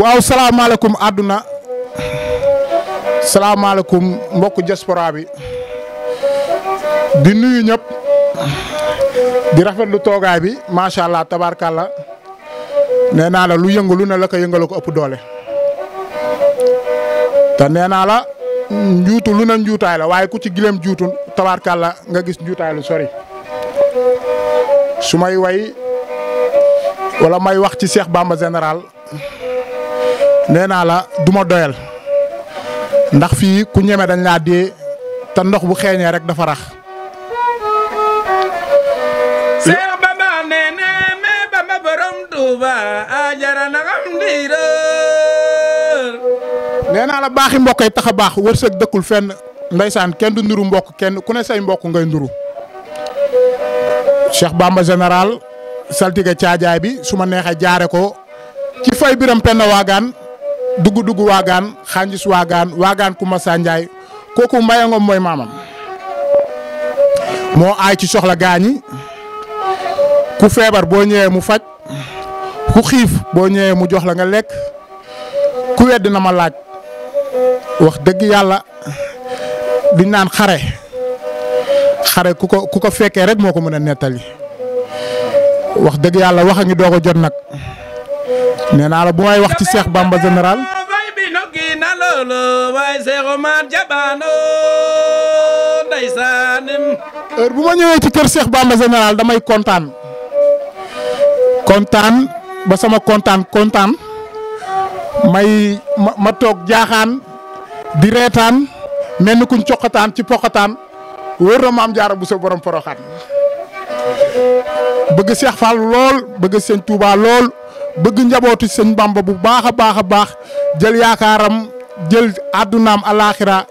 waaw salaamaaleykum àdduna salaamaaleykum mbokku diaspora bi di nuyu ñëpp di rafetlu toogaay bi macha allah tabaarkàlla nee naa la lu yëngu lu na la ko yëngal ko doole. te nee naa la njuutu lu ne njuutaay la waaye ku ci gileem juutu tabaarkàlla nga gis njuutaay lu sori su may way walla may wax ci Cheikh Bamba général. nee naa la duma ma doyal ndax fii ku ñeme dañ laa dee te ndox bu xeeñee rek dafa rax. Seex Bamba nee na me Bamba borom Tuuba ajara na xam ndiir. nee naa la baaxi mbokk yi tax a baax wërsëg dëkkul fenn ndeysaan kenn du nduru mbokk kenn ku ne say mbokk ngay ndiru Cheikh Bamba général saltige caajaay bi su ma neexee jaare ko ci fay biram penn waagaan dugg dugg waagaan xanjis waagaan waagaan ku Massa Ndiaye kooku Mbaye Ngom mooy maamam moo aay ci soxla gaañi ku feebar boo ñëwee mu faj ku xiif boo ñëwee mu jox la nga lekk ku wedd ma laaj wax dëgg yàlla di naan xare xare ku ko ku ko fekkee rek moo ko mën a nettali wax dëgg yàlla wax a ngi doog jot nag. nee naa la bu may wax ci Cheikh Bamba général. heure bu ma ñëwee ci kër seex Bamba général damay kontaan kontaan ba sama kontaan kontaan may ma toog jaaxaan di reetaan mel ni kuñ coqataan ci poqataan wóor na maam jaara bu sa borom poroxaan bëgg Cheikh Fall lool bëgg Sëñ Touba lool. bëgg njabootu sëñ Bamba bu baax a baax a baax jël yaakaaram jël àddunaam alaaxira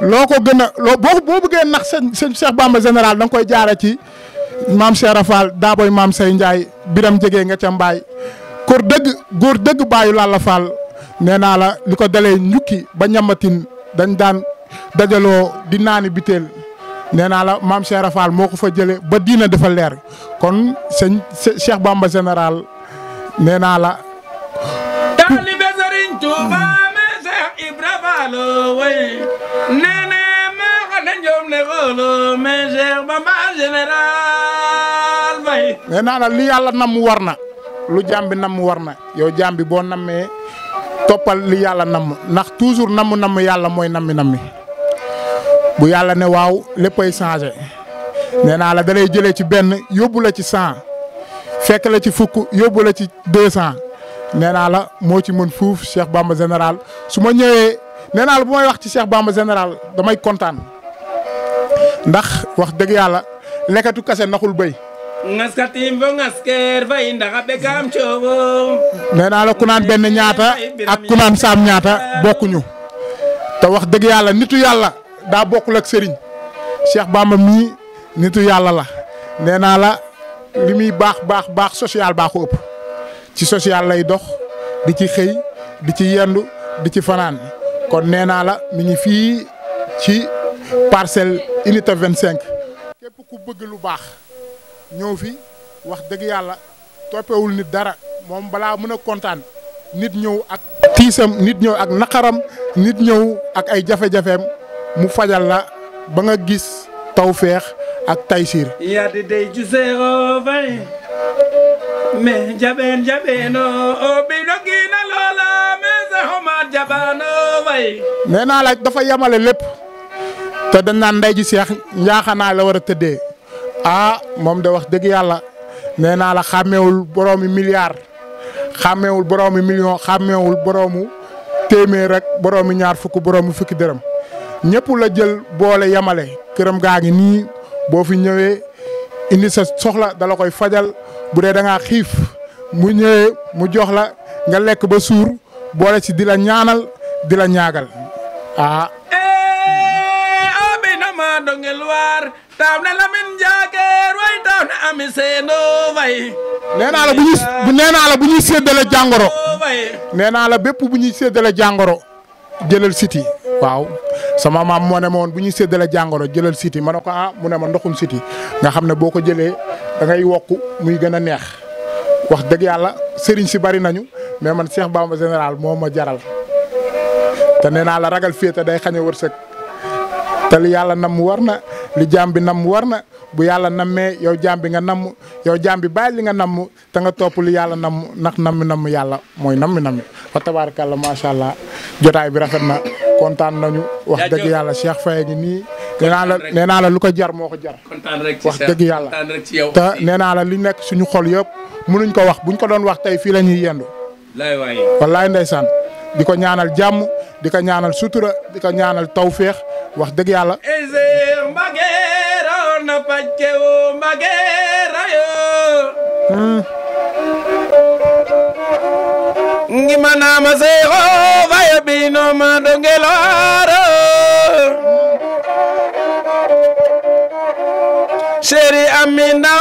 loo ko gën a loo boo bëggee nax sëñ sëñ Cheikh Bamba général da koy jaare ci maam Cheikh Rafal daa maam say Ndiaye biram jege nga ca mbaay góor dëgg góor dëgg bàyyu Lalla Fall naa la li ko dalee njukki ba ñamatin dañ daan dajaloo di naani biteel nee naa la maam Cheikh Rafal moo ko fa jëlee ba diina dafa leer kon sëñ Cheikh Bamba général. nee naa la. taalibe Serigne me Ibra Fallo way nee na ma xale ñoom ne xooloo me Cheikh Bamba général naa la li yàlla nam war na lu jàmbi nam war na yow jàmbi boo namee toppal li yàlla nam ndax toujours namu namu yàlla mooy nammi nammi bu yàlla ne waaw léppay changé nee naa la da lay ci benn yóbbu la ci cent. fekk la ci fukk yóbbu la ci deux cent nee naa la moo ci mën fuuf Cheikh Bamba général su ma ñëwee nee naa la bu may wax ci Cheikh Bamba général damay kontaan ndax wax dëgg yàlla lekkatu kase naxul bay ngaskatim naa la ku benn ñaata ak ku saam ñaata bokkuñu te wax dëgg yàlla nitu yàlla daa bokkul ak sëriñ Cheikh Bamba mii nitu yàlla la nee la. li muy baax baax baax social baaxu ëpp ci social lay dox di ci xëy di ci yendu di ci fanaan kon nee naa la mi ngi fii ci parcelle unité 25. képp ku bëgg lu baax ñëw fi wax dëgg yàlla toppewul nit dara moom balaa mën a kontaan nit ñëw ak tiisam nit ñëw ak naqaram nit ñëw ak ay jafe-jafeem mu fajal la ba nga gis taw feex ak Taysir yadde dey jusero fay mais jaɓen jaɓeno o ɓiɗo guina loola mais sahoma jaɓano fay nee naa la dafa yemale lépp te dañ naan ndey ji seex njaaxanaa la war a tëddee ah moom de wax dëgg yàlla nee naa la xàmmeewul boroomi milliard xàmmeewul boroomi million xàmmeewul boroomu téeméer rek boroomi ñaar fukk boroomi fukki dërëm ñëpp jël boole yemale këram gaa ngi nii boo fi ñëwee indi sa soxla dala koy fajal bu dee xiif mu ñëwee mu jox la nga lekk ba suur boole ci di la ñaanal di la ñaagal ah. Eh, ma dongel na lamin jaakeer way taw na ami seeno way nee naa la bu ñuy nee naa bu ñuy séddale jàngoro nee naa bépp bu ñuy séddale jàngoro jëlal siti waaw sama maam moo ne ma bu ñuy séddale jàngoro jëlal siti ma ne ah, mu ne ma ndoxum siti nga xam ne boo ko jëlee da ngay wokk muy gën a neex wax dëgg yàlla sëriñ si bari nañu mais man Cheikh Bamba général moo ma jaral te nee naa la ragal féete day xañ a wërsëg te li yàlla nam war na li jaam bi nam war na bu yàlla nammee yow jaam bi nga namm yow jaam bi bàyyi li nga namm te nga topp li yàlla namm ndax nammi namm yàlla mooy nammi nammi fa tabaarkalla macha allah jotaay bi rafet na. kontaan nañu wax dëgg yàlla seex Faye ngi nii. nee naa la naa la lu ko jar moo ko jar. wax dëgg yàlla ta nee naa li nekk suñu xol yëpp mënuñ ko wax buñ ko doon wax tey fii la ñuy yendu. wallaay ndeysaan di ko ñaanal jàmm di ko ñaanal sutura di ko ñaanal tawféex wax dëgg yàlla. Hmm. ngi ma naa ma no ma do ngeloro seri amina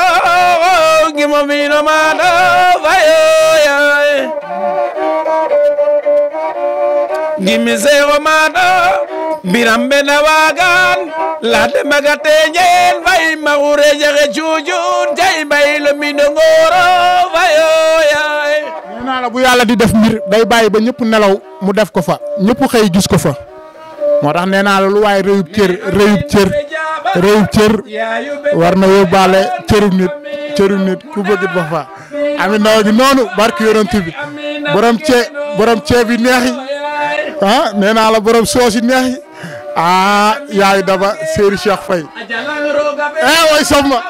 o gimo mi no ma do vayo ya gimi se o ma do birambe na wagan la de magate nyen vai ma ure jage jujun jai bai lo mi no ngoro yàlla bu yàlla di def mbir day bàyyi ba ñëpp nelaw mu def ko fa ñëpp xëy gis ko fa moo tax nee naa la lu waaye réyub cër réyub cër cër war na yóbbaale cëru nit cëru nit ku bëggit ba fa amit nawa gi noonu barki yonent bi borom cee borom ceeb yi neex yi ah nee naa la borom soos yi neex yi ah yaayu daba Serigne Cheikh Faye eh way sama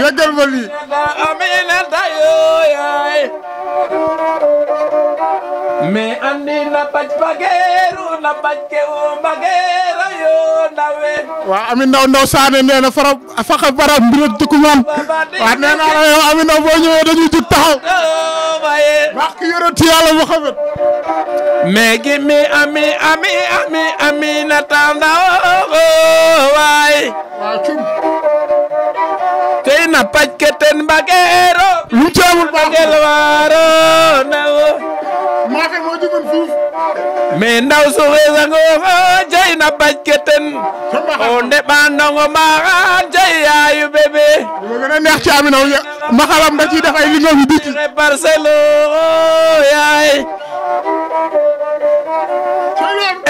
yëgal ma lii. mais andi na baj bageeru na baj kewu bageera yoo ndawe. waaw Ami Ndaw Ndaw Saane nee na faram faxa bara mbir ak tukumaan waaw nee naa la yow Ami Ndaw boo ñëwee dañuy jug taxaw. wax ki yorati yàlla Muhammad. mais gi mi ami ami ami ami na tàndaw waay. waaw cum. tey na paj ke ten mbageero lu teewul bagel waaro nawo maafe moo jugun fuuf mais jey na paj ke ten o ndeɓandongo maxaan jey yaayu bébé gën a neex da ciy def ay lingom yu biti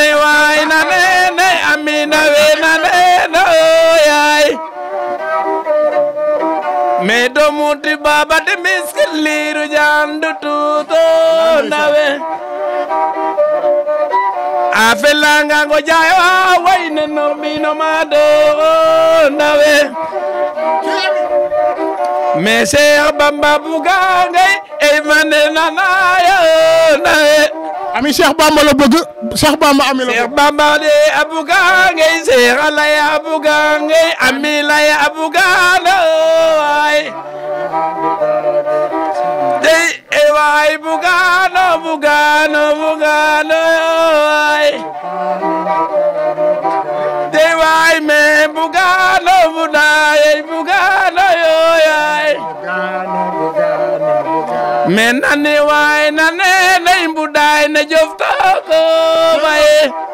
eh waay nawe domuti baba de miski liiru jandu tuto nawe afelanga ngo jayo waine nomino mado nawe mesher bamba bugangai ey manena nayo nawe ami Cheikh Bamba la bëgg Bamba ami la Bamba de abuga ngay seera lay ami lay abuga mais nane waay nane day mbudaay na jof ta ko